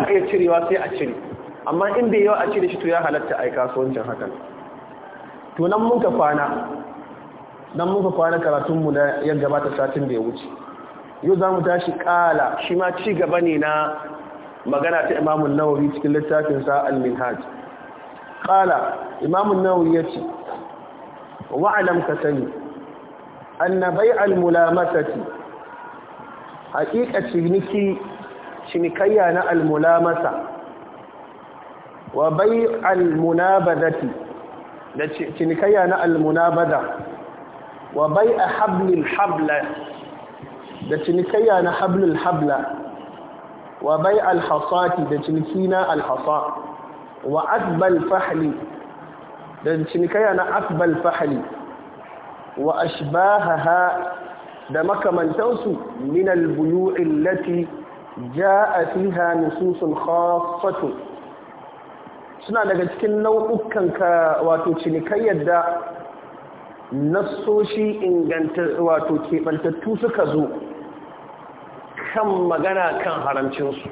iya cirewa sai a cire amma inda yawa a cire shi to ya halatta a yi kasuwancin hakan to nan muka kwana nan muka kwana karatunmu na yan gabata satin da ya wuce yau za mu tashi kala shi ma ci gaba ne na magana ta imamun nawari cikin littafin sa al-minhaj kala imamun nawari ya ce wa'alam ka sani annabai al-mulamatati hakika ciniki cinikayya na almulamasa wa bai almunabadati da cinikayya na almunabada wa bai a hablil habla da cinikayya na hablil habla wa bai alhassati da ciniki na alhassa wa asbal fahli da cinikayya na asbal fahli wa ashbahaha da makamantansu min albuyu'i lati ja'a fiha nususun khassatun suna daga cikin nau'ukan ka wato cinikayyar da nasoshi inganta wato keɓantattu suka zo kan magana kan haramcinsu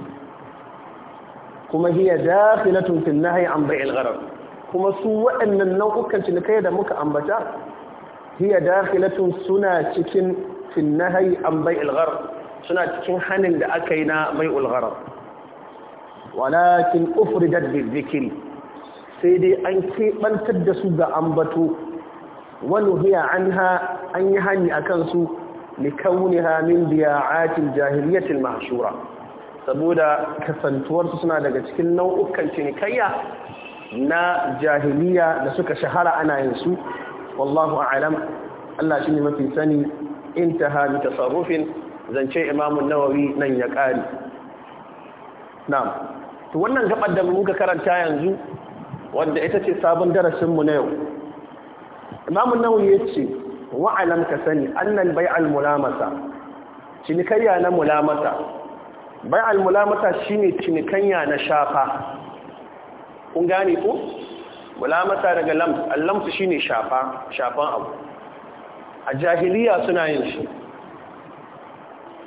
kuma hiya dafilatun fil nahyi an bai'il gharar kuma su waɗannan nau'ukan cinikayya da muka ambata hiya dafilatun suna cikin fin nahayi an bai gharar suna cikin hanin da aka yi na mai gharar walakin ufridat bil zikri sai dai an keɓantar da su ga ambato wani hiya an ha an yi hani a kansu likauniha min biya'atil jahiliyatin mashura saboda kasantuwarsu suna daga cikin nau'ukan cinikayya na jahiliya da suka shahara ana yin su wallahu a'lam Allah shine mafi sani intaha bi tasarrufin zance imamu nawawi nan ya kare na'am to wannan gabar da muka karanta yanzu wanda ita ce sabon darasin mu na yau imamu nawawi yace wa alam ka sani annal bai'al mulamasa cinikayya na mulamasa bai'al mulamasa shine cinikayya na shafa kun gane ko mulamasa daga lamsu lam shine shafa shafan abu a jahiliya suna yin shi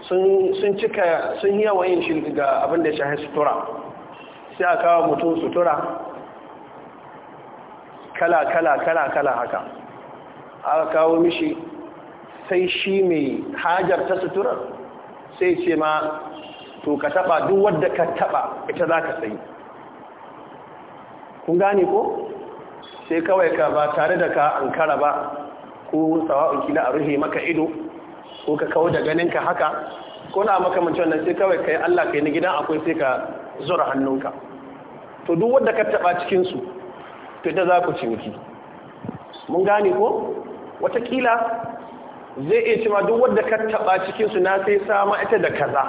sun cika sun yawa yin shi ga abinda da shahi sutura sai a kawo mutum sutura kala kala kala kala haka A kawo mishi sai shi mai hajar ta sutura sai ce ma to ka taba duk wadda ka taba ita za ka sai kun gane ko sai kawai ka ba tare da ka ankara ba ko sawa'un kila a ruhe maka ido ko ka kawo da ganin ka haka ko na mace wannan sai kawai kai Allah kai na gidan akwai sai ka zura hannunka to duk wanda ka taba cikin su to da za ku ci miki mun gane ko kila zai iya cewa duk wanda ka taba cikin su na sai sama ita da kaza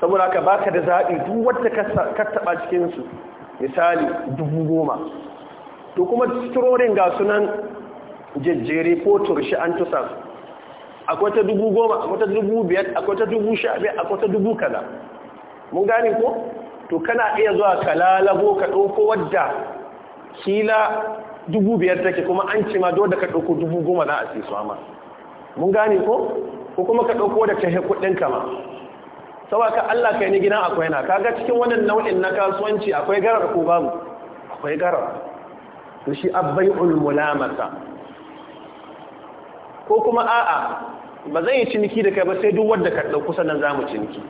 saboda ka baka da zaɓi duk wanda ka taba cikin su misali dubu goma to kuma turorin ga sunan jejjere ko turshi an tusa akwai ta dubu goma akwai ta dubu biyar akwai ta dubu sha biyar akwai ta dubu kaza mun gane ko to kana iya zuwa ka lalabo ka ɗauko wadda kila dubu biyar take kuma an ce ma dole ka ɗauko dubu goma za a ce su ma mun gane ko ko kuma ka ɗauko da ta kuɗin ka ma saboda ka Allah kai ni gidan akwai na kaga cikin wannan nau'in na kasuwanci akwai garar ko babu akwai garar to shi abbai'ul mulamasa ko kuma a'a ba zai yi ciniki da kai ba sai duk wanda ka dauko sannan zamu ciniki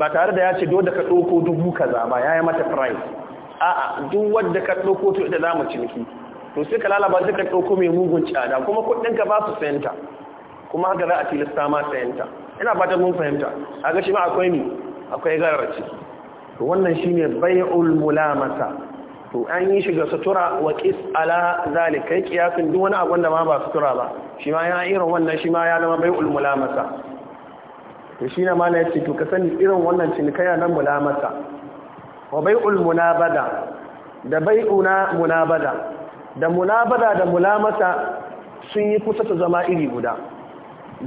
ba tare da ya ce dole ka dauko dubu kaza ba yayi mata price a'a duk wanda ka dauko to ita zamu ciniki to sai ka lalaba duk ka dauko mai mugun tsada kuma kudin ka ba su senta kuma haka za a tilasta ma senta ina fatan mun fahimta ga shi ma akwai ni akwai garar ciki to wannan shine bai'ul mulamasa to an yi shiga sutura wa qis ala zalika kai kiyasin duk wani abu da ma ba sutura ba shi ma ya irin wannan shi ma ya zama bai mulamasa to shi na mala yace to ka sani irin wannan cinikaya nan mulamasa wa bai ulmunabada da una munabada da munabada da mulamasa sun yi kusa ta zama iri guda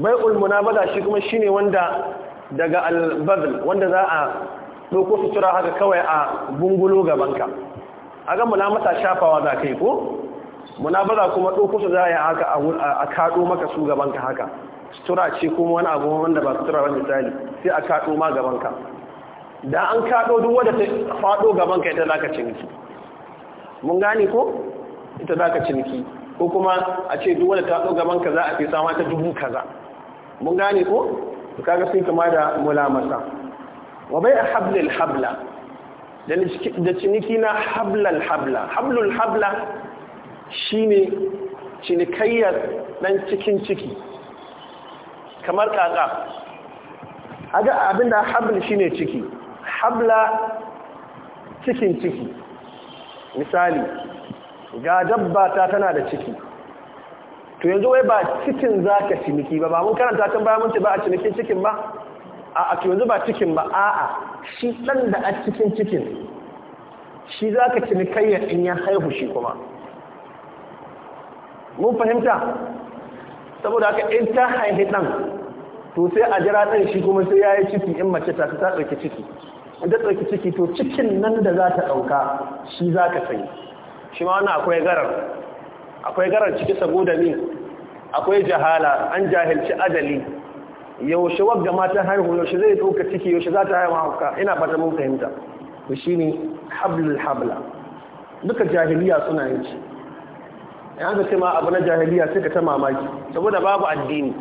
bai ulmunabada shi kuma shine wanda daga al wanda za a doko sutura haka kawai a bungulo gabanka a ga mata shafawa za ka yi ko za kuma ɗaukusa za a yi haka a kaɗo maka su gabanka haka sutura ce kuma wani abu wanda ba sutura wani misali sai a kaɗo ma gabanka da an kaɗo duk wadda ta faɗo gabanka ita za ka ciniki mun gane ko ita za ka ciniki ko kuma a ce duk wadda ta faɗo gabanka za a fi sama ta dubu kaza mun gane ko kaga sun kama da mulamasa wa bai a hablil habla da ciniki na hablal habla hablul habla shine cinikayyar ɗan cikin ciki kamar kaka aga abinda habl shine ciki habla cikin ciki misali ga dabba ta tana da ciki to yanzu wai ba cikin zaka ciniki ba ba mun karanta tun bayan mun ce ba a cinikin cikin ba a to yanzu ba cikin ba a'a shi ɗan da a cikin cikin shi za ka kayyar in ya haihu shi kuma mun fahimta saboda haka in ta haihi ɗan to sai a jira ɗan shi kuma sai ya yi ciki in mace ta ta ɗauki ciki in ta ɗauki ciki to cikin nan da za ta ɗauka shi za ka sayi shi ma wani akwai garar akwai garar ciki saboda ne akwai jahala an jahilci adali yaushe wadda matan haihu yaushe zai ɗauka ciki yaushe za ta haihu haka ina fata mun fahimta to ne hablul habla duka jahiliya suna yin ci ya aka ce ma abu na jahiliya sai ka ta mamaki saboda babu addini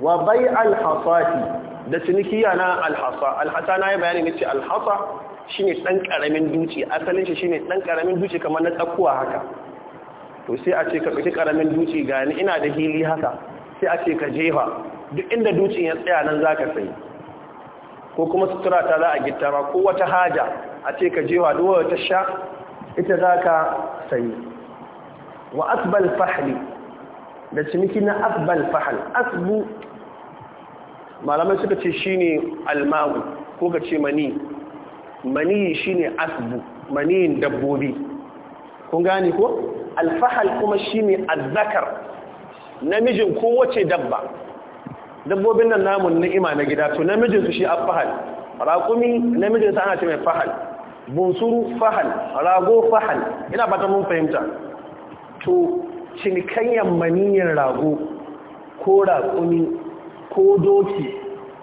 wa bai alhasati da cinikiya na alhasa alhasa na yi bayani ne ce alhasa shine dan karamin duci asalin shi shine dan karamin duci kamar na tsakuwa haka to sai a ce ka ɗauki karamin duci gani ina da hili haka sai a ce ka jefa duk inda ducin ya tsaya nan za ka sai ko kuma sutura ta za a gittara ko wata haja a ce ka jewa duwa ta sha ita za ka sayi wa asbal fahli da ciniki na asbal fahal asbu malamai suka ce shi ne almawu ko ka ce mani mani shi asbu maniyin dabbobi kun gane ko alfahal kuma shi ne azzakar namijin ko kowace dabba dabbobin nan namun ni'ima na gida to namijin su shi afhal raqumi namijin sa ana ce mai fahal bunsuru fahal rago fahal ina fata mun fahimta to kanyan maniyyar rago ko raƙumi ko doki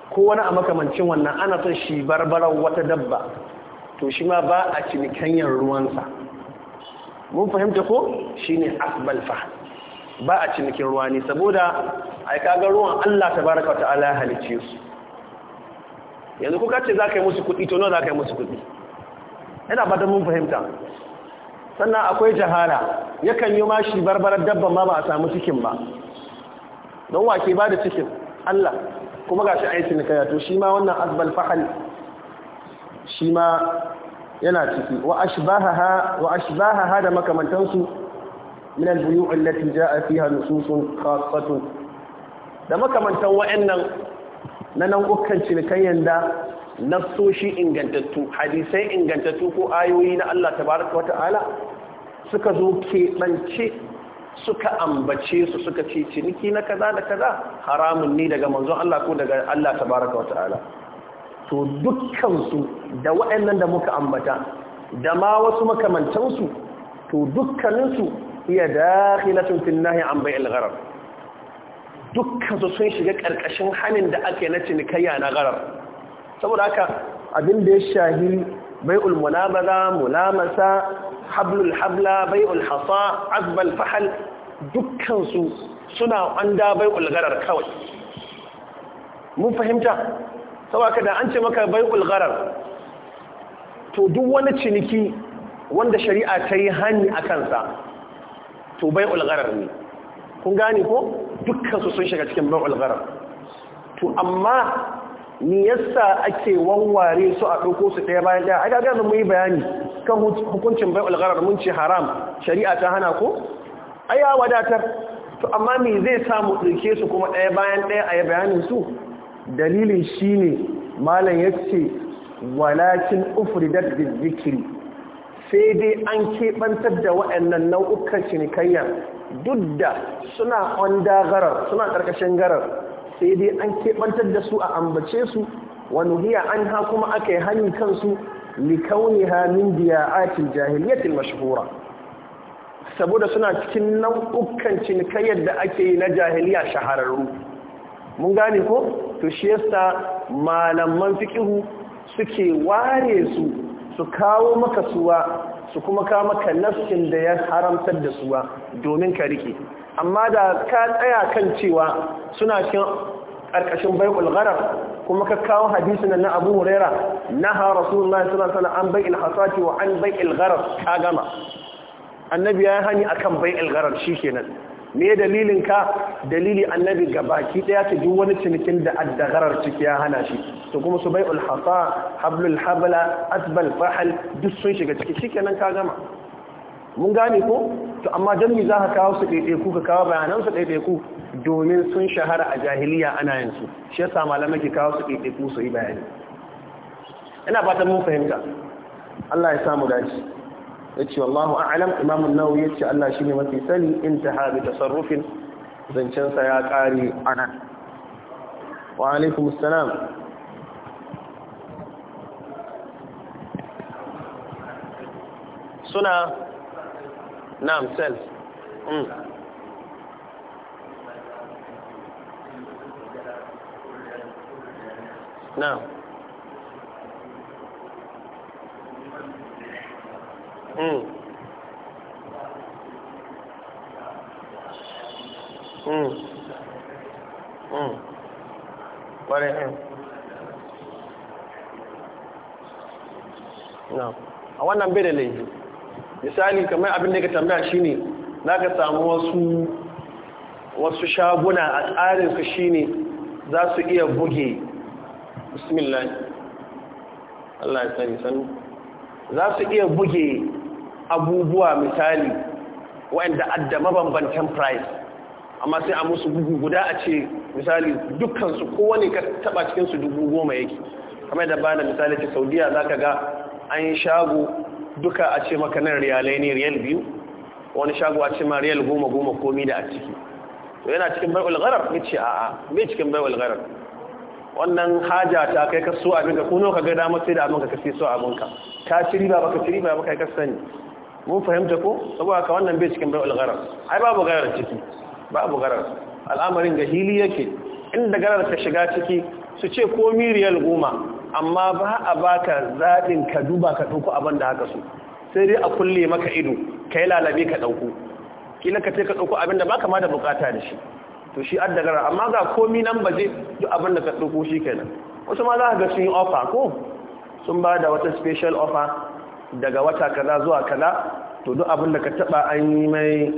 ko wani a makamancin wannan ana son shi barbaran wata dabba to shi ma ba a cinikanyar ruwansa mun fahimta ko shine ne asbalfa ba a cinikin ruwa ne saboda ai kaga ruwan Allah Ta tabaraka ta'ala ya halicce su yanzu kuka ce za ka yi musu kuɗi to nawa za ka yi musu kuɗi yana ba da mun fahimta sannan akwai jahara kan yi mashi barbarar dabban ma ba a samu cikin ba don ke ba da cikin Allah kuma ga shi a yi cinikaya to shi ma wannan azbal fahal shi ma yana ciki wa ashbahaha da makamantansu من البيوع التي جاء فيها نصوص خاصة da makamantan wa'annan na nan ukkan cinikayyar da nassoshi ingantattu hadisai ingantattu ko ayoyi na Allah tabaraka wa ta'ala suka zo keɓance suka ambace su suka ce ciniki na kaza da kaza haramun ne daga manzon Allah ko daga Allah tabaraka wa ta'ala to dukkansu da waɗannan da muka ambata da ma wasu makamantansu to dukkaninsu iya dakhilatun fil nahi an bai'il gharar dukkan su sun shiga karkashin hanin da ake na cinikayya na gharar saboda haka abin da ya shahi bai'ul munabaza mulamasa hablul habla bai'ul hasa azbal dukkan su suna anda bai'ul gharar kawai mun fahimta saboda da an ce maka bai'ul gharar to duk wani ciniki wanda shari'a ta yi hani a kansa to bai ulgarar ne kun gane ko dukkansu sun shiga cikin bai ulgarar to amma ni yasa ake wanware su a ɗauko su ɗaya bayan ɗaya a gaga mu yi bayani kan hukuncin bai ulgarar mun ce haram shari'a ta hana ko a wadatar to amma me zai mu ɗauke su kuma ɗaya bayan ɗaya a yi bayanin su dalilin shine malam yace walakin ufridat bizikri sai dai an keɓantar da waɗannan nau'ukan cinikayyar duk da suna on garar suna ƙarƙashin garar sai dai an keɓantar da su a ambace su wani hiya an ha kuma aka yi hannun kansu ha min biya'atil jahiliyatil mashahura saboda suna cikin nau'ukan cinikayyar da ake yi na jahiliya shahararru mun gane ko to shi yasa malaman fiƙihu suke ware su su kawo maka suwa su kuma kawo maka nafsin da ya haramtar da suwa domin ka rike amma da ka tsaya kan cewa suna cikin ƙarƙashin bai'ul gharar kuma ka kawo hadisin na Abu na naha Rasulullahi sallallahu alaihi wasallam an bai'il hasati wa an bai'il gharar ka gama annabi ya hani akan bai'il gharar shikenan me dalilin ka dalili annabi ga baki daya ta duk wani cinikin da addagarar ciki ya hana shi to kuma su bai ulhafa hablul habla asbal fahal duk sun shiga ciki shikenan ka gama mun gane ko to amma dan mi ka kawo su daidai ku ka kawo bayanan su daidai ku domin sun shahara a jahiliya ana yin su shi yasa malamai ke kawo su daidai ku su yi bayani ina fatan mun fahimta Allah ya samu dace yace wallahu a'lam imam an-nawawi yace Allah shine mafi sani intaha bi tasarrufin zancen sa ya kare anan wa alaikum assalam suna na'am sel mm na'am mm mm mm a wannan bai da laifi misali kamar abin da ka tambaya ne, za ka samu wasu shaguna a tsarinsu ne za su iya buge bismillah Allah ya sani sanu za su iya buge abubuwa misali wa'anda adda mabambantan price amma sai a musu bugu guda a ce misali dukkansu kowane ka taba cikinsu dubu goma yake kamar da bada misali ce saudiya za ka ga an shago duka a ce maka nan riyalai ne riyal biyu wani shago a ce ma riyal goma goma komi da a ciki to yana cikin bai'ul gharar ya ce a'a bai cikin bai'ul gharar wannan haja ta kai ka so abin ka kuno ka ga damar sai da abin ka fi so abin ka ka ci riba baka ci riba baka kai ka sani mun fahimta ko saboda ka wannan bai cikin bai gharar ai babu garar ciki babu garar al'amarin ga hili yake inda garar ta shiga ciki su ce ko miriyal goma amma ba a baka zaɗin ka duba ka ɗauko abin da haka su sai dai a kulle maka ido ka yi lalabe ka ɗauko kila ka ce ka ɗauko abin da ba kama da bukata da shi to shi an dagara amma ga komi nan ba zai duk abin da ka ɗauko shi kenan wasu ma za ka ga sun yi offer ko sun ba da wata special offer daga wata kaza zuwa kaza to duk abin da ka taba an yi mai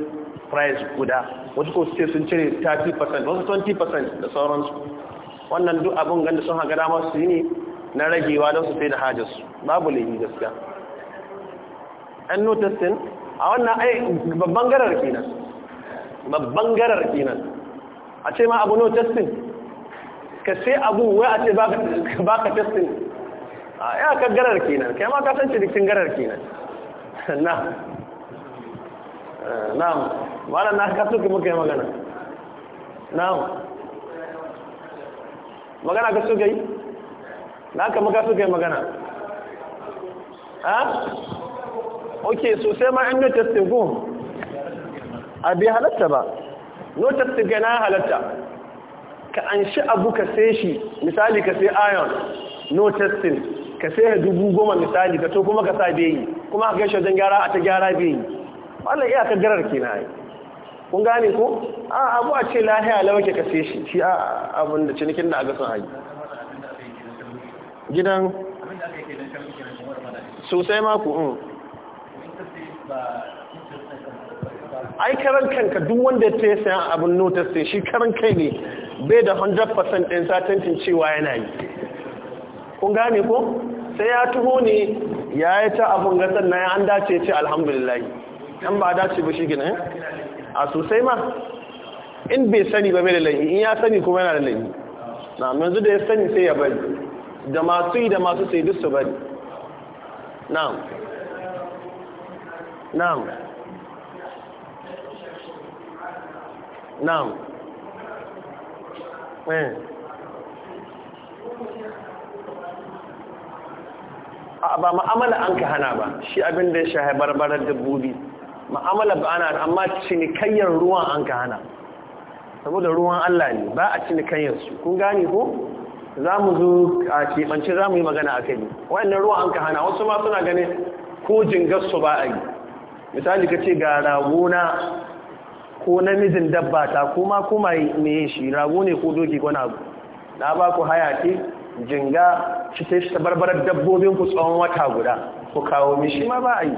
price guda wasu ko sai sun cire 30% wasu 20% da sauransu wannan duk abin ganda sun haka dama su yi ne na ragewa don su sai da su babu laifi gaskiya an notasin a wannan ai babban garar kenan babban garar kenan a ce ma abu notasin ka sai abu wai a ce baka testin a ya ka garar kenan kai ma ka san cinikin garar kenan na na wala na ka tuki muke yi magana na magana ka tuki yi na ka muka tuki magana ha ok sosai ma in notice din go a bi halatta ba notice din na halatta ka an shi abu ka sai shi misali ka sai iron no testing ka sai dubu goma misali ka to kuma ka sa beyi kuma ka gaishe wajen gyara a ta gyara beyi wannan ka garar ke na yi kun gane ko a abu a ce lahiya lawa ke ka sai shi shi a abin da cinikin da aga sun hagi gidan sosai mako mm. ai karan kanka duk wanda ta yi sayan abin notar sai shi karan kai ne bai da 100% ɗin satancin cewa yana yi kun gane ko sai ya tuho ni ya yi ta abin gasar na ya an dace ce alhamdulillah yan ba dace ba shi gina eh? a sosai ma in bai sani ba mai da laifi in ya sani kuma yana da laifi na yanzu da ya sani sai ya bari da masu yi da masu sai duk su bari na'am na'am na'am eh ba ma'amala an ka hana ba shi abin da ya shahe barbarar dabbobi ma'amala ba ana amma cinikayyar ruwan an ka hana saboda ruwan Allah ne ba a cinikayyar su kun gane ko za mu zo a keɓance za mu yi magana a kai wa'annan ruwan an ka hana wasu ma suna ganin ko jingarsu ba a yi misali ka ce ga ragona ko namijin dabba ta kuma kuma me shi rago ne ko doki wani abu na ba ku haya jinga shi sai shi ta barbarar dabbobin ku tsawon wata guda ku kawo mishi ma ba a yi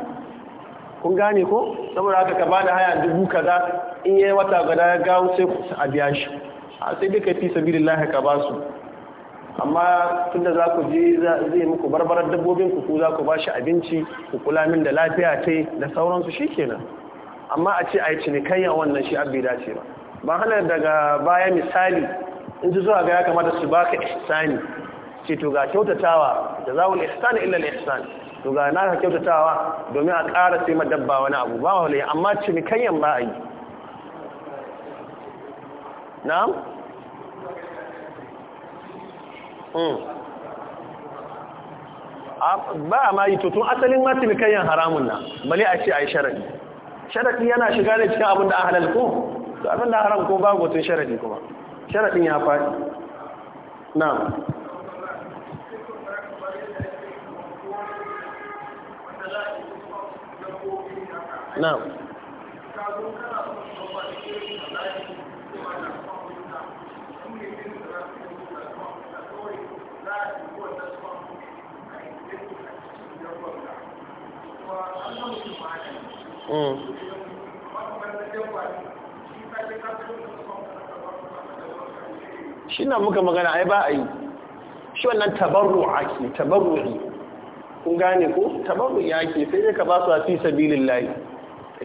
kun gane ko saboda haka ka bada haya dubu kaza in yi wata guda ya gawo sai ku a biya shi a sai dai ka fi lahi ka ba su amma tunda za ku je zai muku barbarar dabbobin ku ku za ku ba shi abinci ku kula min da lafiya yi. da sauransu shi kenan amma a ce a yi cinikayya wannan shi bai dace ba ba hana daga baya misali in ji zuwa ga ya kamata su baka ihsani ce to ga kyautatawa da zawul ihsan illa al-ihsan to ga na ka kyautatawa domin a ƙara sai madabba wani abu ba wani amma cinikayyan ba a yi hmm ba a ma yi to asalin ma cinikayyan haramun na bale a ce a yi sharadi sharadi yana shiga da cikin abin da an halal ko to abin da haram ko babu tun sharadi kuma sharaɗin ya faɗi na? na'am mm. shi na muka magana ai ba a yi shi wannan tabarru'a ke ne kun gane ko tabarru ya ke sai dai ka ba su a fi sabilin layi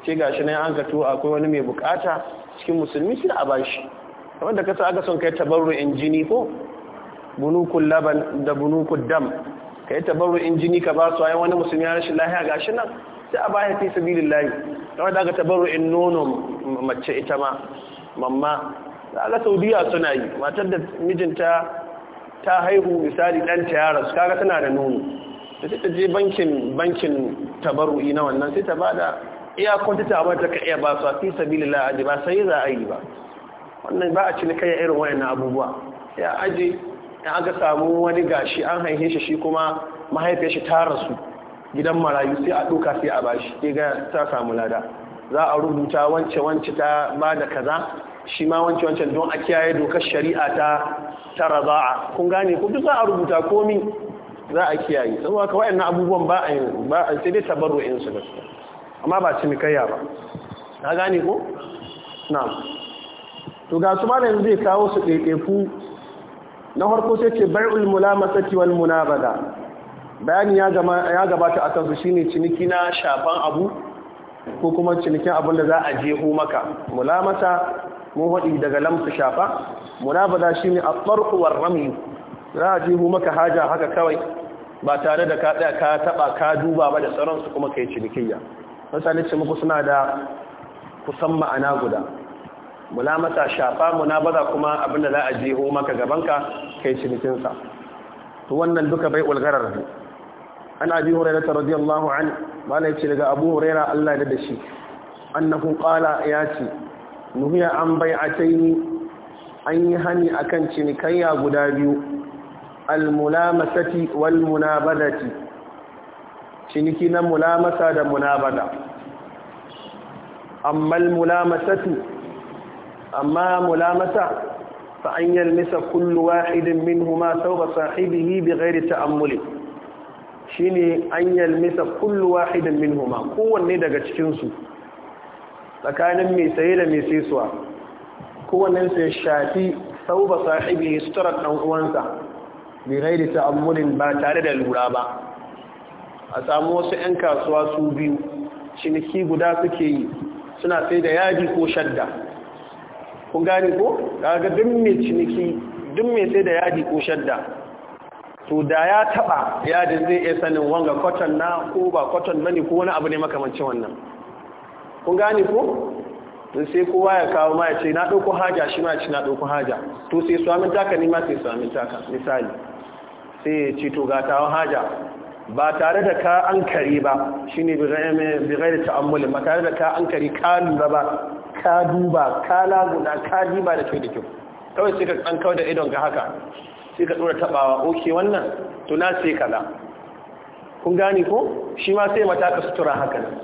ce shi ne an ka tuwo akwai wani mai bukata cikin musulmi shi a bashi kamar da kasa aka son kai tabarru'in jini ko bunukul laban da bunukul dam kai tabarru'in jini ka ba su ayi wani musulmi ya rashin lahiya gashi nan sai a baya fi sabilillahi kamar da aka in nono mace ita ma mamma da aka saudiya suna yi matar da mijinta ta haihu misali ɗanta ya rasu kaga tana da nono da sai ta je bankin bankin tabarru'i na wannan sai ta bada iya kwantita abin da ka iya ba su a fi sabilillah aji ba sai za a yi ba wannan ba a cini kai irin wayannan abubuwa ya aji in aka samu wani gashi an haife shi shi kuma mahaifiyar shi ta rasu gidan marayu sai a duka sai a bashi sai ga ta samu lada za a rubuta wance wance ta ba da kaza shi ma wance wance don a kiyaye dokar shari'a ta ta kun gane ku duk za a rubuta komi za a kiyaye saboda ka wayannan abubuwan ba a ba a sai dai tabarru'in su gaskiya amma ba cinikayya ba ta gane ko? na to ga su malam zai kawo su ɗaiɗaiku na harko sai ce ulmula mulamasati wal munabada bayani ya gabata a kan su shine ciniki na shafan abu ko kuma cinikin abin da za a jeho maka mulamata mun haɗi daga lamsu shafa munabada shine ne a war rami za a jeho maka haja haka kawai ba tare da ka tsaya ka taɓa ka duba ba da sauransu kuma ka yi cinikiyya mutane ce muku suna da kusan ma'ana guda mulamata shafa baza kuma abinda za a jeho maka gabanka kai cinikinsa to wannan duka bai ulgarar ne an abi ta radiyallahu an malai ce daga abu hurairah Allah da dashi annahu qala ya ce nuhiya an bai'ataini an yi hani akan cinikayya guda biyu al mulamasati wal munabadati ciniki na mulamasa da munabada amma mulamasatu amma mulamasa fa an yalmisa kullu wahidin minhuma thawba sahibihi ghairi ta'ammuli shine an yalmisa kullu wahidin minhuma kowanne daga cikin su tsakanin mai saye da mai saisuwa kowannen sai shafi thawba sahibihi suturar dan uwansa ghairi ta'ammulin ba tare da lura ba a samu wasu 'yan kasuwa su biyu ciniki guda suke yi suna sai da yadi ko shadda kun gane ko daga duk mai ciniki duk mai sai da yadi ko shadda to da ya taba yadin zai iya sanin wanga kwatan na ko ba na bane ko wani abu ne makamancin wannan kun gane ko to sai kowa ya kawo ma ya ce na ɗauko haja shi ma ya ce na ɗauko haja to sai su amin taka ne ma sai su amin taka misali sai ya ce to ga tawon haja ba tare da ka an kari ba shi ne bigai da ta'ammulin ba tare da ka an kari ka lura ba ka duba ka laguna ka riba da kyau da kyau kawai sai ka an kawai da idon ga haka sai ka tsura tabawa oke wannan tuna sai kaza kun gani ko shi ma sai mata ka sutura haka nan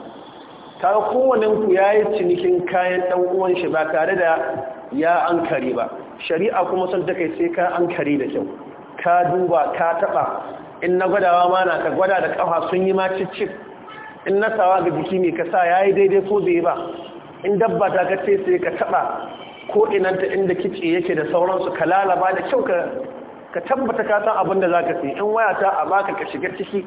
kaga kowane ku yi cinikin kayan ɗan uwan shi ba tare da ya an kari ba shari'a kuma son kai sai ka an kari da kyau ka duba ka taɓa. in na gwadawa ma na ka gwada da kafa sun yi ma cicif in na sawa ga jiki mai kasa ya yi daidai ko bai ba in dabba ta ka ce sai ka taɓa ko inanta inda kici yake da sauransu ka lalaba da kyau ka tabbata ka san abin da za ka sai in waya ta a baka ka shiga ciki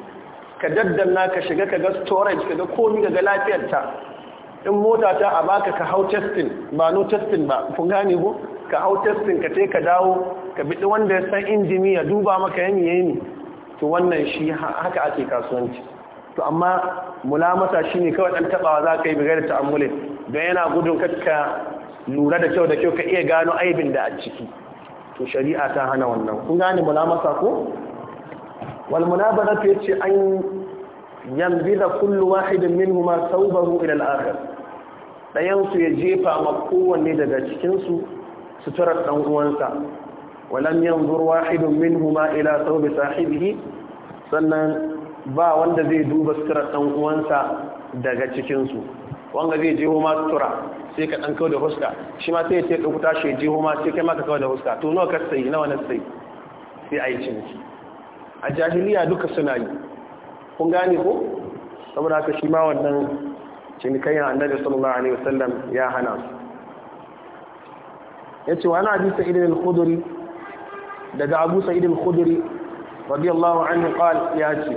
ka daddanna ka shiga ka ga storage ka ga komi ga lafiyarta in mota ta a baka ka hau testin ba no testin ba kun gane ko ka hau testin ka ce ka dawo ka biɗi wanda ya san injini ya duba maka yanyi yanyi to wannan shi haka ake kasuwanci to amma mulamata shine kawai ɗan tabawa za ka yi da ta'ammulin don yana gudun kakka lura da kyau da kyau ka iya gano aibin da a ciki to shari'a ta hana wannan kun gane mulamata ko wal ta yace an yanbiza kullu wahidin minhuma saubaru ila al-akhir dayan su ya jefa ma kowanne daga cikin su suturar dan uwansa walam yanzur wahidun minhuma ila thawbi sahibihi sannan ba wanda zai duba sutura ɗan uwansa daga cikinsu wanga zai jeho ma sutura sai ka ɗan kawai da huska shi ma sai ya ce ɗaukuta shi jeho ma sai kai ma ka kawai da huska to nawa ka sayi nawa na sayi sai a yi ciniki a jahiliya duka suna yi kun gane ko saboda haka shi ma wannan cinikayyar annabi sallallahu alaihi wasallam ya hana su yace wa ana hadisi idan al-khudri daga abu sa'id al radiyallahu anhu qal ya ce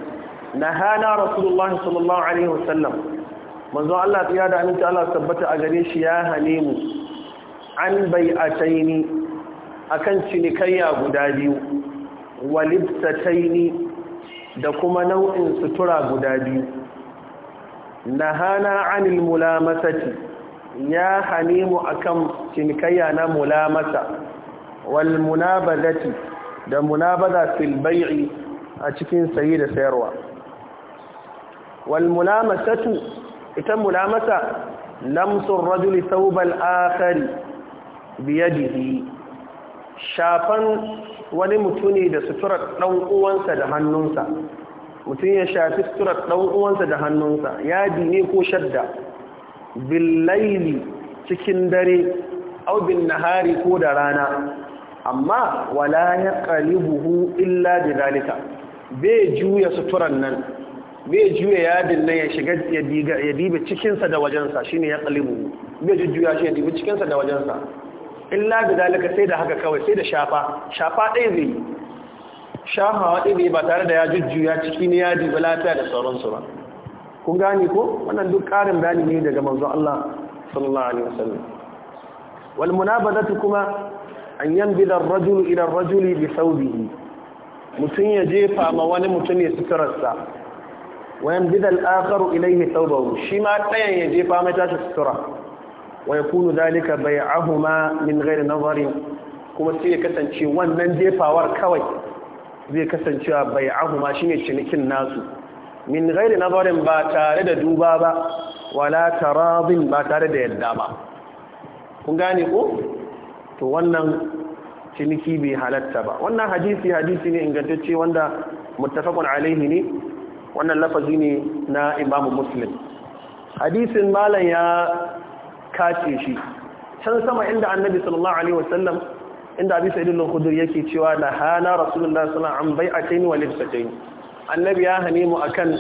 nahana rasulullahi sallallahu alaihi wasallam manzo Allah ya da aminta Allah tabbata a gare shi ya hane mu an bai'ataini akan cinikayya guda biyu walibtataini da kuma nau'in sutura guda biyu nahana anil mulamasati ya hane mu akan cinikayya na mulamasa wal da munabada fil bai'i a cikin saye da sayarwa wal mulamasatu ita mulamasa lamsur rajuli thawbal akhari bi shafan wani mutune da suturar dan uwansa da hannunsa mutum ya shafi suturar ɗan uwansa da hannunsa yadi ne ko shadda laili cikin dare au bin nahari ko da rana amma wala ya qalibuhu illa bi zalika bai juya suturan nan bai juya yadin nan ya shiga ya diba cikinsa da wajensa shine ya qalibu bai jujjuya shi ya diba cikinsa da wajensa illa bi zalika sai da haka kawai sai da shafa shafa ɗaya zai shafa ɗaya zai ba tare da ya jujjuya ciki ne ya diba lafiya da sauransu ba kun gane ko wannan duk ƙarin bayani ne daga manzo Allah sallallahu alaihi wasallam wal munabadatu kuma an bidan rajulu idan rajuli bi saubihi mutum ya jefa ma wani mutum ya suturarsa wayan bidan akaru ilai ilayhi thawbahu shi ma ɗayan ya jefa mai tashi sutura wa bai ahu ma min na nazarin kuma sai ya kasance wannan jefawar kawai zai kasancewa bai shi shine cinikin nasu min na nazarin ba tare da duba ba wala tarabin ba tare da yadda ba kun gane ko to wannan ciniki bai halatta ba wannan hadisi hadisi ne ingantacce wanda muttafaqun alaihi ne wannan lafazi ne na imamu muslim hadisin malam ya kace shi can sama inda annabi sallallahu alaihi wasallam inda abi sa'id al-khudri yake cewa la hana rasulullahi sallallahu alaihi wasallam bai'atayn wa libsatayn annabi ya hane mu akan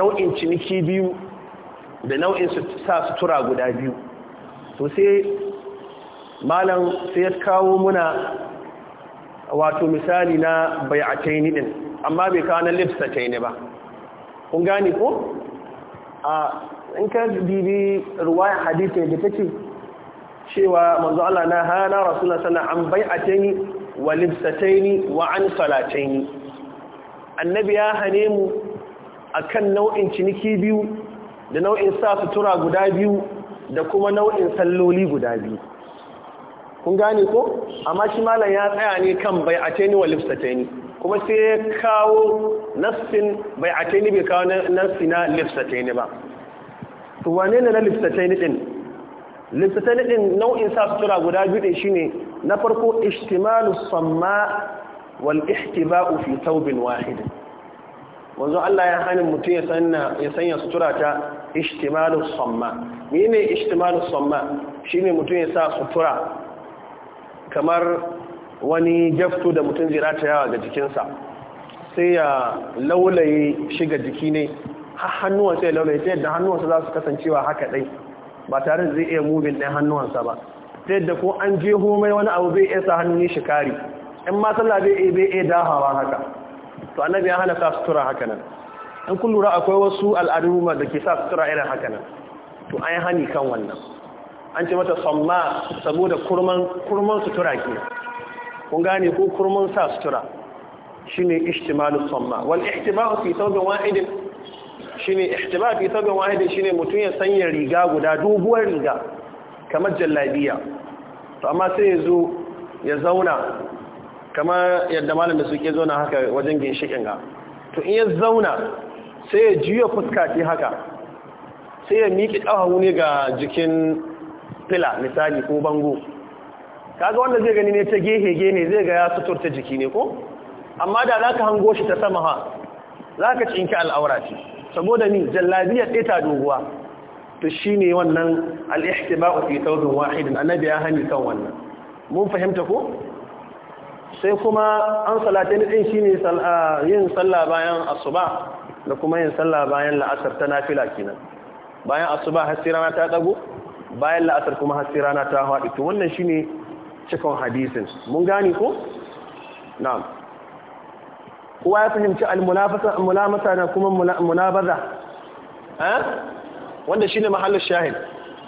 nau'in ciniki biyu da nau'in sa sutura guda biyu to sai malam sai ya kawo muna wato misali na bai'ataini din amma bai kawo na ne ba kun gane ko a in ka dibi ruwaya hadisi da take cewa manzo Allah na hana rasulullah sallallahu alaihi wasallam an bai'ataini wa lifsataini wa an salataini annabi ya hane mu akan nau'in ciniki biyu da nau'in sa sutura guda biyu da kuma nau'in salloli guda biyu kun gane ko amma shi malam ya tsaya ne kan bai a ni wa lifsataini kuma sai ya kawo nassin bai a ni bai kawo nassi na ba to wane ne na lifsataini din lifsataini din nau'in sa sutura guda biyu din shine na farko ishtimalu samma wal ihtiba'u fi thawbin wahid wanzu Allah ya hana mutum ya sanya sutura ta ishtimalu samma mene ishtimalu samma shine mutum ya sa sutura kamar wani jaftu da mutum zai yawa ga jikinsa sai ya laulaye shiga jiki ne hannuwan sai ya laulaye ta yadda hannuwansa za su kasancewa haka ɗai ba tare da zai iya mubin ɗai hannuwansa ba ta yadda ko an je homai wani abu bai iya sa hannun shi kari in ma sallah bai iya iya dahawa haka to annabi ya hana sa sutura haka nan in kun akwai wasu al'adu da ke sa sutura irin haka nan to an yi hani kan wannan an ce mata samma saboda kurman kurman sutura ke kun gane ko kurman sa sutura shine ihtimalu samma wal ihtima'u fi thawbin Shi shine ihtima fi thawbin shi shine mutum ya sanya riga guda doguwar riga kamar jallabiya to amma sai ya zo ya zauna kamar yadda malam da suke zauna haka wajen ginshikin ga to in ya zauna sai ya juya fuska ce haka sai ya miƙi ƙahahu wuni ga jikin fila misali ko bango kaga wanda zai gani ne ta gehe gehe zai ga ya suturta jiki ne ko amma da zaka hango shi ta sama ha zaka cinki al'aura al'aurati saboda ni jallabiyar dai ta doguwa to shine wannan al-ihtiba'u fi thawbin wahidin annabi ya hani kan wannan mun fahimta ko sai kuma an ne din shine yin sallah bayan asuba da kuma yin sallah bayan la'asar ta nafila kenan bayan asuba har sai rana ta dago bayan la'asar kuma har rana ta haɗu to wannan shine cikon hadisin mun gane ko na'am Kuwa ya fahimci al mulamata na kuma munabaza wanda eh? wanda shine mahallar shahid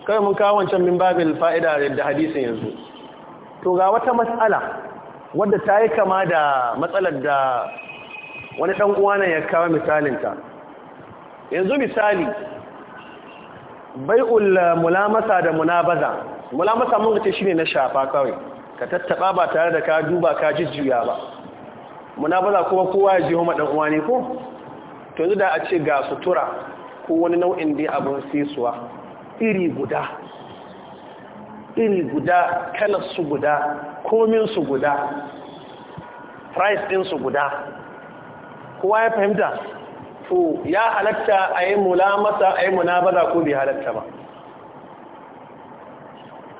kawai mun kawo wancan min babin fa'ida da hadisin yanzu to ga wata matsala wadda ta yi kama da matsalar da wani ɗan uwana ya kawo misalinta yanzu misali bai'ul mulamasa da munabaza mulamasa mun ce shine na shafa kawai ka tattaba ba tare da ka duba ka jijjuya ba munabaza kuma kowa ya jiho madan uwa ne ko to yanzu da a ce ga sutura ko wani nau'in dai abun sisuwa iri guda iri guda kalar su guda komin su guda price din su guda kowa ya fahimta to ya halatta a yi masa a yi za ko bai halatta ba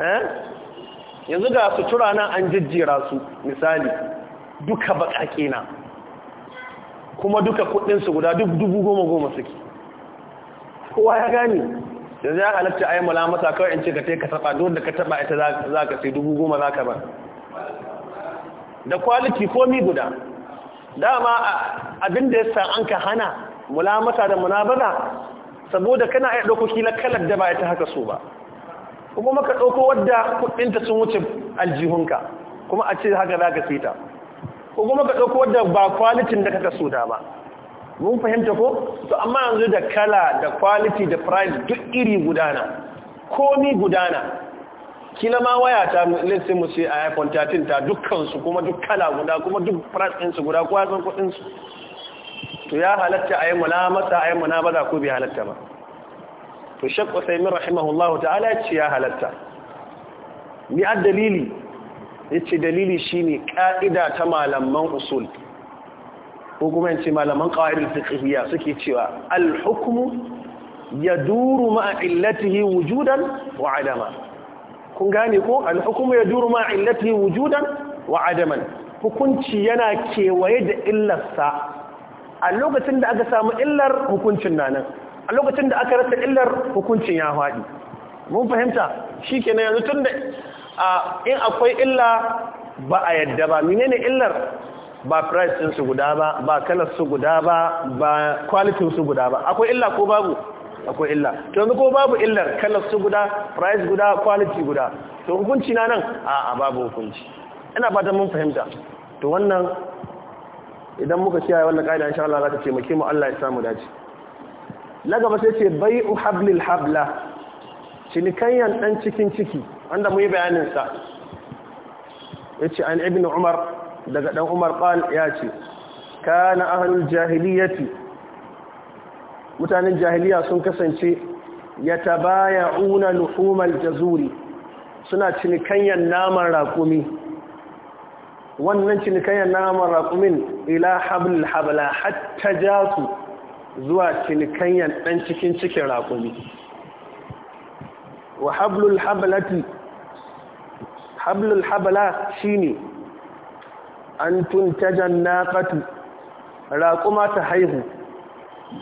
eh? yanzu ga tura nan an jejjera su misali duka bakake na kuma duka kudinsu guda duk dubu goma goma suke kowa ya gani yanzu ya halatta a yi masa kawai in ce ka ka taɓa don da ka taɓa ita za ka sai dubu goma za ka ba da kwaliti komi guda dama abinda ya sa an ka hana mulamata da munabada saboda kana iya ɗauko kila kalar da ba ta haka so ba kuma maka ɗauko wadda kuɗinta sun wuce aljihunka kuma a ce haka za ka sita kuma maka ɗauko wadda ba kwalitin da kaka so da ba mun fahimta ko to amma yanzu da kala da quality da price duk iri gudana komi gudana kila ma waya ta let's say mu ce iPhone 13 ta dukkan su kuma duk kala guda kuma duk price ɗin su guda ko san kuɗin su to ya halatta a yi mulamata a yi munabaza ko bai halatta ba to shek usaimin rahimahullahu ta'ala ya ce ya halatta ni a dalili ya ce dalili ne ka'ida ta malaman usul ko kuma yance malaman qawaidul fiqhiyya suke cewa ya duru ma a illatihi wujudan wa adama kun gane ko ya duru ma a illatihi wujudan wa adaman hukunci yana kewaye da illarsa a lokacin da aka samu illar hukuncin nanan a lokacin da aka rasa illar hukuncin ya haɗi mun fahimta shi ke yanzu tun da in akwai illa ba a yadda ba menene illar ba price ɗinsu guda ba ba kalar su guda ba ba kwalitinsu su guda ba akwai illa ko babu akwai illa to yanzu ko babu illar kalar su guda price guda quality guda to hukunci na nan a babu hukunci ina ba mun fahimta to wannan idan muka kiyaye wannan kaida insha Allah zaka taimake mu Allah ya samu dace na gaba sai ce bai'u hablil habla cinikayyan dan cikin ciki wanda mu yi bayanin sa yace an ibnu umar daga dan umar qal yace kana ahlul jahiliyyati mutanen jahiliya sun kasance yatabaya'una luhumal jazuri suna cinikayyan naman raƙumi wannan cinikayyar naman raƙumin ila hablil habla hatta ja su zuwa cinikayyar ɗan cikin cikin raƙumi wa hablul hablati hablul habla shine an tuntajan naqatu raƙuma ta haihu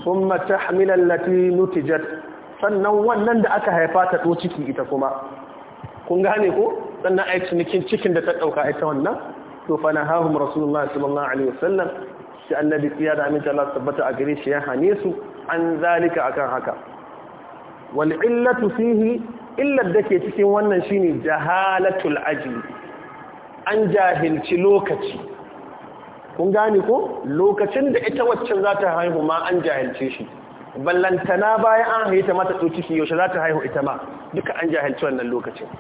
kuma ta hamilan lati nutijat sannan wannan da aka haifa ta to ciki ita kuma kun gane ko sannan a cinikin cikin da ta ɗauka ita wannan to fa nahahum rasulullahi sallallahu alaihi wasallam shi annabi tsiya da aminta Allah tabbata a gare shi ya hane su an zalika akan haka wal illatu fihi illar dake cikin wannan shine jahalatul ajli an jahilci lokaci kun gane ko lokacin da ita waccan za ta haihu ma an jahilce shi ballantana bayan an haita mata to ciki yaushe za ta haihu ita ma duka an jahilci wannan lokacin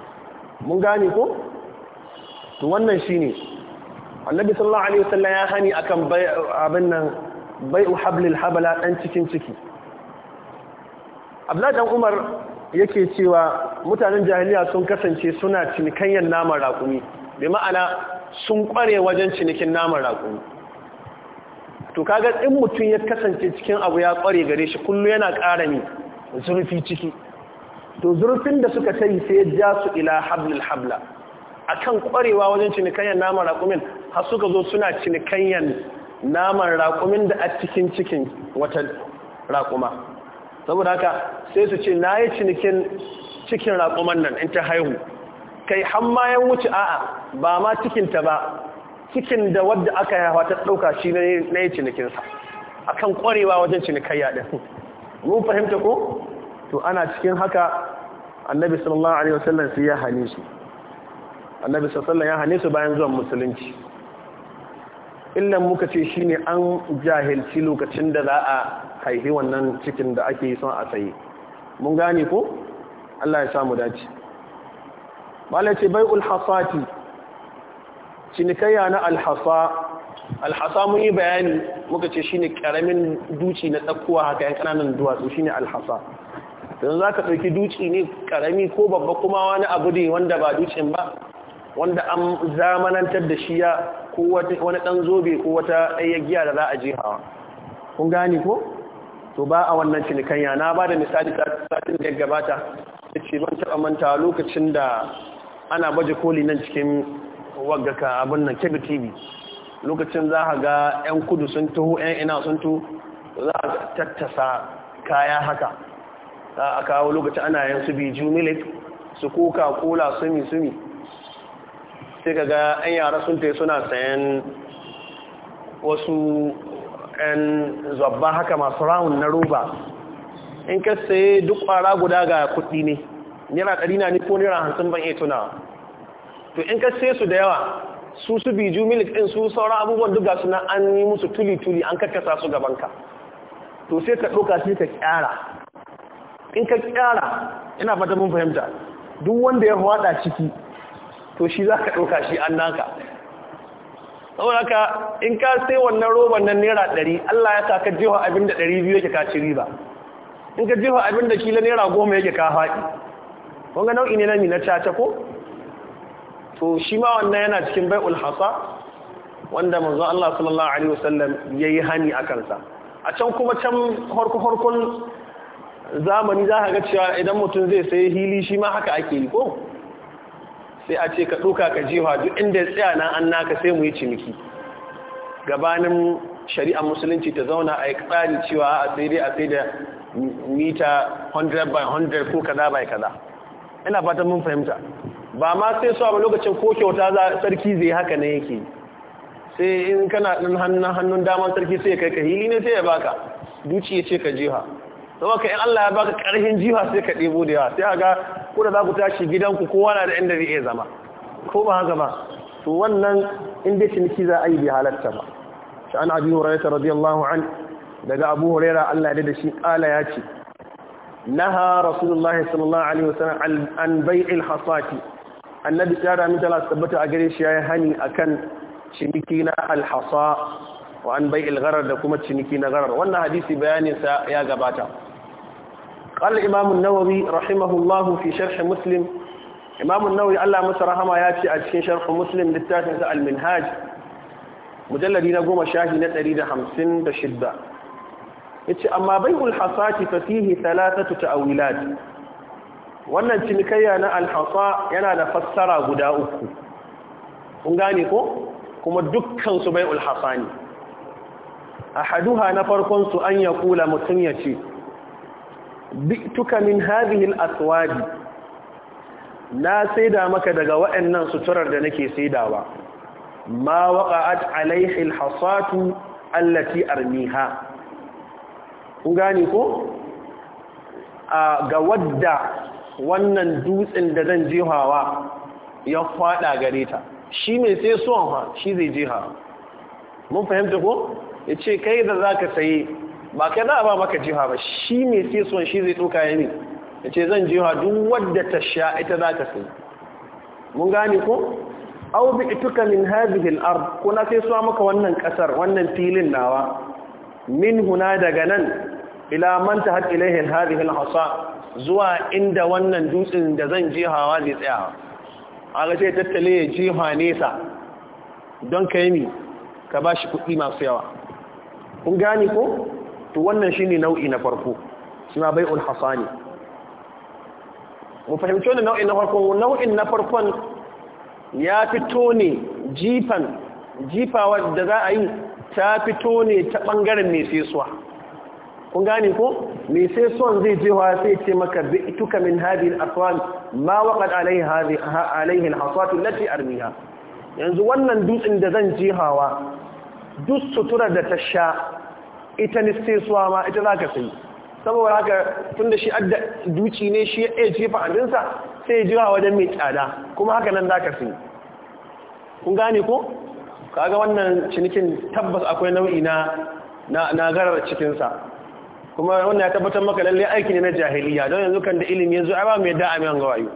mun gane ko to wannan shine annabi sallallahu alaihi wasallam ya hani akan abin nan bai'u hablil habala dan cikin ciki Abdullahi dan Umar yake cewa mutanen jahiliya sun kasance suna cinikanyar naman raƙumi bi ma'ana sun kware wajen cinikin naman raƙumi to kaga in mutum ya kasance cikin abu ya kware gare shi kullu yana ƙara ne zurfi ciki to zurfin da suka tayi sai ya ja su ila hablil habla akan kwarewa wajen cinikanyar naman raƙumin har suka zo suna cinikanyan naman raƙumin da a cikin cikin wata raƙuma saboda haka sai su ce na yi cinikin cikin raƙuman nan in ta haihu kai hamma ya wuce a'a ba ma cikinta ba cikin da wadda aka hawa ta ɗauka shi na yi cinikinsa a kan ƙwarewa wajen cinikayya ɗin mun fahimta ko? to ana cikin haka annabi sallallahu alaihi wasallam sai ya hane su annabi sallallahu alaihi ya hane su bayan zuwan musulunci illan muka ce shi ne an jahilci lokacin da za a haifi wannan cikin da ake son a tsaye mun gane ko Allah ya samu dace Bala ce bai'ul hasati cinikayya na alhasa alhasa mun yi bayani muka ce shi ne karamin duci na tsakkuwa haka yan kananan duwatsu shi ne alhasa don za ka ɗauki duci ne karami ko babba kuma wani abu ne wanda ba ducin ba wanda an zamanantar da shi ya ko wani ɗan zobe ko wata ɗaya giya da za a je hawa kun gani ko to ba a wannan cinikanya na ba da misali satin da gabata ta ce ban taɓa manta lokacin da ana baje koli nan cikin waggaka abin nan kebe tv lokacin za a ga 'yan kudu sun taho 'yan ina sun to za a tattasa kaya haka za a kawo lokacin ana yin su biju milik su koka kola sumi sumi sai kaga ga yara sun te suna sayan wasu ɗan zabba haka masu rawun na roba in ka saye duk ƙwara guda ga kuɗi ne nira ɗari na ko nira hansun ban iya tunawa to in ka saye su da yawa su su biju milik ɗin su sauran abubuwan duk ga suna an yi musu tuli-tuli an karkasa su gabanka to sai ka ɗauka sai ka ƙyara in ka ƙyara ina fata mun fahimta duk wanda ya faɗa ciki to shi za ka ɗauka shi an naka saboda in ka sai wannan roban nan naira ɗari allah ya sa ka jefa abin da ɗari biyu yake ka ci riba in ka jefa abin da kila naira goma yake ka faɗi wanga nau'i ne na mi caca ko to shi ma wannan yana cikin bai ulhasa wanda manzo Allah sallallahu alaihi wasallam yayi hani a kansa a can kuma can horko horkon zamani za ka ga cewa idan mutum zai sayi hili shi ma haka ake yi ko sai a ce ka ɗuka ka jefa duk inda ya tsaya na an naka sai mu yi ciniki gabanin shari'ar musulunci ta zauna a yi tsari cewa a sai dai a sai da mita 100 by 100 ko kaza by kaza ina fatan mun fahimta ba ma sai so ba lokacin ko kyauta za sarki zai haka na yake sai in kana ɗin hannun damar sarki sai kai ka hili ne sai ya baka duci ya ce ka jeha sau ka in Allah ya baka ƙarfin jiwa sai ka ɗebo da yawa sai ga kuda za ku tashi gidanku kowa na da inda zai zama ko ba haka ba to wannan in dai ciniki za a yi bai halatta ba shi an abi hurairah radiyallahu an daga abu huraira Allah ya da shi kala ya ce naha rasulullah sallallahu alaihi wasallam an bai'il hasati annabi ya da a gare shi yayi hani akan ciniki na alhasa wa an bai'il gharar da kuma ciniki na gharar wannan hadisi bayanin sa ya gabata قال الإمام النووي رحمه الله في شرح مسلم إمام النووي الله مسر رحمه ياتي أجل شرح مسلم للتاسع المنهاج مجلد نقوم شاهد نتريد حمسين بشدة أما بيع الحصاة ففيه ثلاثة تأويلات wannan cinikayya na alhasa yana da fassara guda uku kun gane ko kuma dukkan su bai ulhasa ne a haduha na farkon su an ya kula mutum ya ce bi'tuka min hadhihi al-aswaji na saida maka daga waɗannan suturar da nake saidawa ma waqa'at Alayhi al-hasatu allati armiha kun gane ko ga wadda wannan dutsen da zan jihawa ya fada gareta. shi mai sai suwan ha shi zai jiha mun fahimta ko ya ce kai da zaka ka ba kai da ba maka jiha ba shi ne sai son shi zai ɗauka ya ne ya ce zan jiha duk wadda ta sha ita za ta sai mun gane ko au bi ituka min hadhihi al ko kuna sai suwa maka wannan kasar wannan filin nawa min huna daga nan ila man tahat ilayhi hadhihi al zuwa inda wannan dutsen da zan jihawa zai tsaya aga sai tattale ya jiha nesa don kai ni ka bashi kuɗi masu yawa kun gane ko to wannan shine nau'i na farko shi ma bai'ul hasani mu fahimci wannan nau'in na farko nau'in na farkon ya fito ne jifan jifawa da za a yi ta fito ne ta ɓangaren mai sesuwa kun gane ko mai sesuwan zai je wa sai ce maka bi'tuka min hadhihi al-aswan ma waqad alayhi alayhi al armiha yanzu wannan dutsen da zan jihawa duk sutura da ta sha ita nistesuwa ma ita za ka sai saboda haka tun da shi adda duci ne shi ya jefa abinsa sai ya jira wajen mai tsada kuma haka nan za ka sai kun gane ko kaga wannan cinikin tabbas akwai nau'i na nagarar garar cikinsa kuma wannan ya tabbatar maka lallai aiki ne na jahiliya don yanzu kan da ilimi yanzu ai ba mai da'a mai gawayo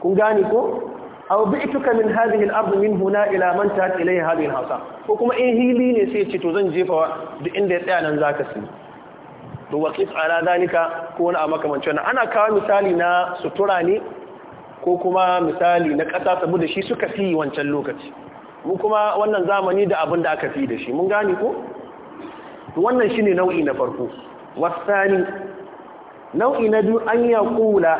kun gane ko aw bi'tuka min hadhihi al-ard min huna ila man tat ilayha hadhihi al-hasa ko kuma in eh, hili ne sai ce to zan jefa duk inda ya tsaya nan zaka si to waqif ala dalika ko wani a makamancin ana kawo misali na sutura ne ko kuma misali na kasa saboda shi suka fi wancan lokaci mu kuma wannan zamani da abin da aka fi da shi mun gane ko wannan shine nau'i na farko wasani nau'i na biyu an yaqula kula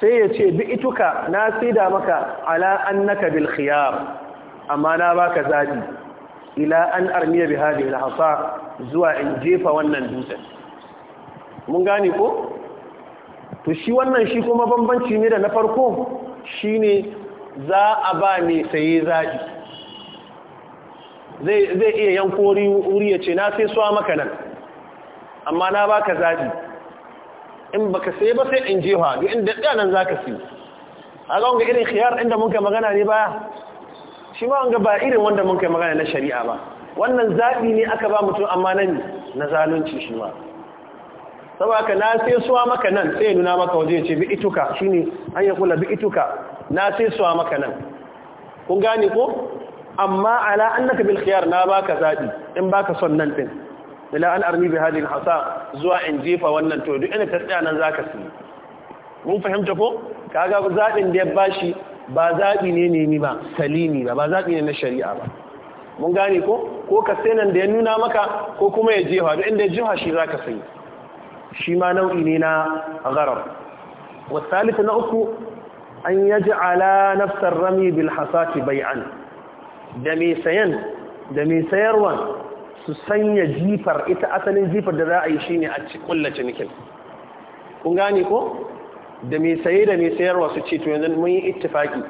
sai ya ce bi ituka na sida maka ala annaka bil khiyar amma na baka zabi ila an armiya bi hadhihi al hasa zuwa in jefa wannan dutsen mun gane ko to shi wannan shi kuma bambanci ne da na farko shine za a ba ne saye zabi zai iya yanko wuri ya ce na sai suwa maka nan amma na baka zabi in ba ka sai ba sai in jewa duk inda za ka siyo a ga wanga irin khiyar inda mun kai magana ne baya shi ma wanga ba irin wanda mun kai magana na shari'a ba wannan zaɓi ne aka ba mutum amma nan na zalunci shi ma aka na sai suwa maka nan sai nuna maka waje ya ce bi ituka shine an ya kula bi ituka na sai suwa maka nan kun gane ko amma ala annaka bil khiyar na baka zaɓi in baka son nan ɗin. ila an armi bi hadin hasa zuwa in jefa wannan to duk inda ta nan zaka su mun fahimta ko kaga zaɓin da ya bashi ba zaɓi ne ne ni ba salimi ba ba zaɓi ne na shari'a ba mun gane ko ko ka sai nan da ya nuna maka ko kuma ya jefa duk inda ya jefa shi zaka sayi, shi ma nau'i ne na an والثالث نأكو أن يجعل نفس الرمي بالحصاة بيعا sayan da me sayarwan. su sanya jifar ita asalin jifar da za a yi shine a cikin cinikin kun gane ko da mai saye da mai sayarwa su ce to yanzu mun yi ittifaki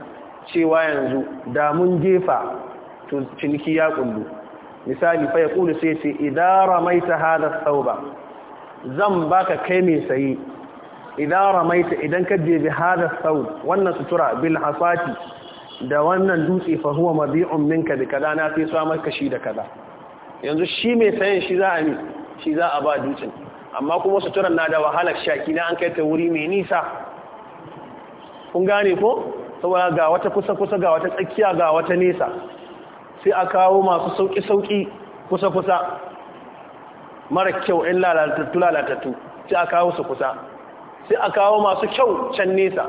cewa yanzu da mun jefa to ciniki ya kullu misali fa ya kulu sai ce mai ta hada sauba zan baka kai mai saye mai ta idan ka bi hada sau wannan sutura bil hasati da wannan dutse fa huwa mabi'un minka bi kada na sai sa maka shi da kaza yanzu shi mai sayan shi za a yi shi za a ba dutsen amma kuma suturan na da wahalar shaki na an kai ta wuri mai nisa kun gane ko saboda ga wata kusa-kusa ga wata tsakiya ga wata nesa sai a kawo masu sauƙi-sauƙi kusa-kusa mara kyau in lalatattu lalatattu sai a kawo su kusa sai a kawo masu kyau can nesa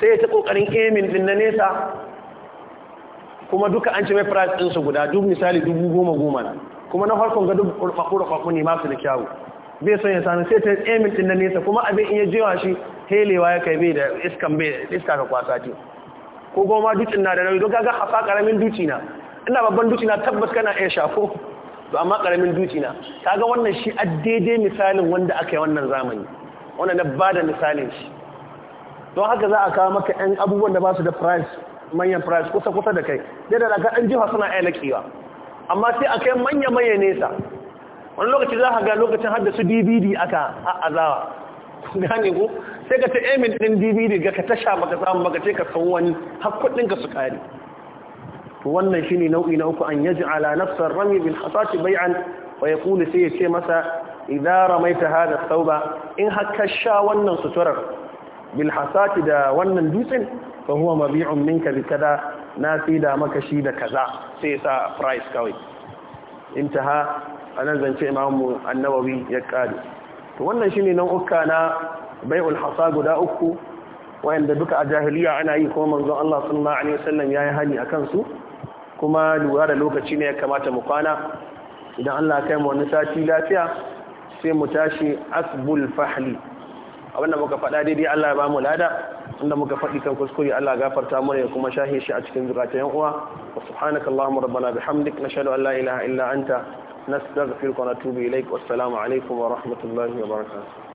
sai ya ta ƙoƙarin emin din na nesa kuma duka an ce mai price ɗinsu guda duk misali dubu goma goma na kuma na farkon ga duk kurfaku-kurfaku ne masu da kyawu bai son ya sami sai ta ɗin na nesa kuma abin iya jewa shi helewa ya kai bai da iskan bai iska ka kwasa ce ko goma dukin na da rauni don gaga a fa ƙaramin duci na ina babban duci na tabbas kana iya shafo to amma ƙaramin duci na kaga wannan shi a daidai misalin wanda aka yi wannan zamani wannan na ba da misalin shi don haka za a kawo maka 'yan abubuwan da ba su da price manyan price kusa-kusa da kai dai da daga ɗan jiha suna ailakewa amma sai a kai manya-manya nesa wani lokaci za a ga lokacin su dvd aka azawa gane ku sai ka ta emin ɗin dvd ga ka tasha baka samu baka ce ka san wani hakkudinka su kari wannan shi ne nau'i na uku an yaji ala nafsar rami hasashi bai an waya kuli sai ya ce masa mai ta hada sau ba in haka sha wannan suturar bil hasashi da wannan dutsen fa huwa mabi'un minka bi kada na sida maka shi da kaza sai sa price kawai intaha anan zance imamu annawawi ya kare to wannan shine nan ukka na bai'ul hasa guda uku wayanda duka a jahiliya ana yi kuma manzon Allah sallallahu alaihi wasallam yayi hani akan su kuma lura da lokaci ne ya kamata mu kwana idan Allah kai mu wani sati lafiya sai mu tashi asbul fahli abinda muka faɗa daidai Allah ya ba mu lada inda muka faɗi kan kuskure Allah gafarta mana ya kuma shahe shi a cikin zukata yan uwa wa subhanaka allahumma rabbana bihamdik nashhadu an la ilaha illa anta nastaghfiruka wa natubu ilaik wassalamu alaikum wa rahmatullahi wa barakatuh